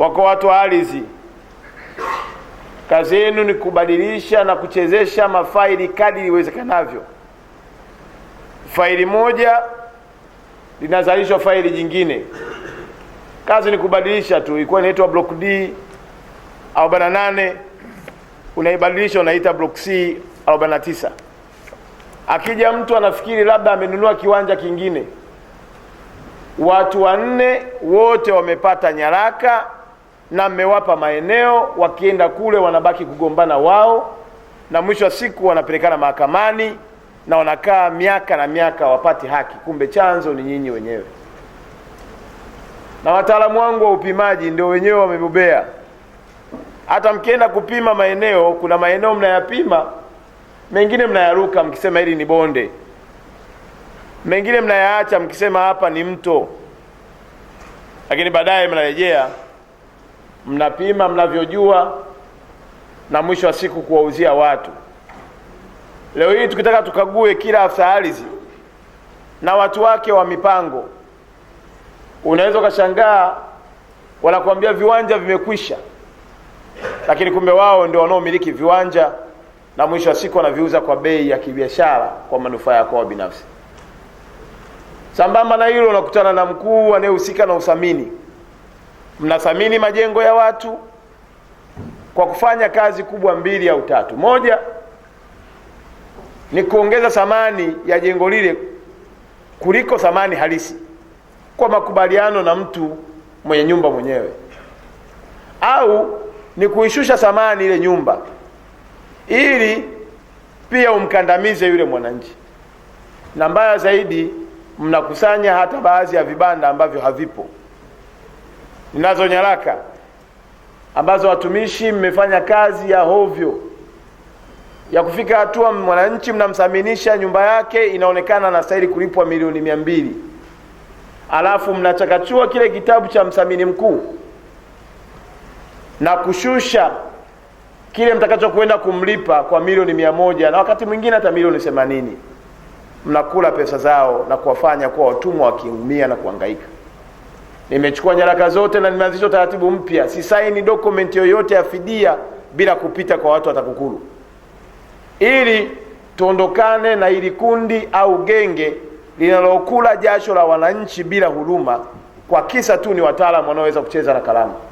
Wako watu wa ardhi, kazi yenu ni kubadilisha na kuchezesha mafaili kadi iwezekanavyo. Faili moja linazalishwa faili jingine, kazi ni kubadilisha tu. Ilikuwa inaitwa block D 48 unaibadilisha unaita block C 49. Akija mtu anafikiri labda amenunua kiwanja kingine, watu wanne wote wamepata nyaraka na mmewapa maeneo, wakienda kule wanabaki kugombana wao, na mwisho wa siku wanapelekana mahakamani na wanakaa miaka na miaka wapati haki, kumbe chanzo ni nyinyi wenyewe. Na wataalamu wangu wa upimaji ndio wenyewe wamebobea. Hata mkienda kupima maeneo, kuna maeneo mnayapima, mengine mnayaruka mkisema hili ni bonde, mengine mnayaacha mkisema hapa ni mto, lakini baadaye mnarejea mnapima mnavyojua na mwisho wa siku kuwauzia watu. Leo hii tukitaka tukague kila afisa ardhi na watu wake wa mipango, unaweza ukashangaa wanakuambia viwanja vimekwisha, lakini kumbe wao ndio wanaomiliki viwanja na mwisho wa siku wanaviuza kwa bei ya kibiashara kwa manufaa ya kwao binafsi. Sambamba na hilo, unakutana na mkuu anayehusika na usamini mnathamini majengo ya watu kwa kufanya kazi kubwa mbili au tatu. Moja ni kuongeza thamani ya jengo lile kuliko thamani halisi kwa makubaliano na mtu mwenye nyumba mwenyewe, au ni kuishusha thamani ile nyumba ili pia umkandamize yule mwananchi, na mbaya zaidi mnakusanya hata baadhi ya vibanda ambavyo havipo ninazo nyaraka ambazo watumishi mmefanya kazi ya hovyo ya kufika hatua mwananchi mnamthaminisha nyumba yake inaonekana anastahili kulipwa milioni mia mbili alafu mnachakachua kile kitabu cha mthamini mkuu na kushusha kile mtakachokwenda kumlipa kwa milioni mia moja na wakati mwingine hata milioni themanini mnakula pesa zao na kuwafanya kuwa watumwa wakiumia na kuangaika nimechukua nyaraka zote na nimeanzisha utaratibu mpya, sisaini dokumenti yoyote ya fidia bila kupita kwa watu wa TAKUKURU ili tuondokane na ili kundi au genge linalokula jasho la wananchi bila huruma, kwa kisa tu ni wataalamu wanaoweza kucheza na kalamu.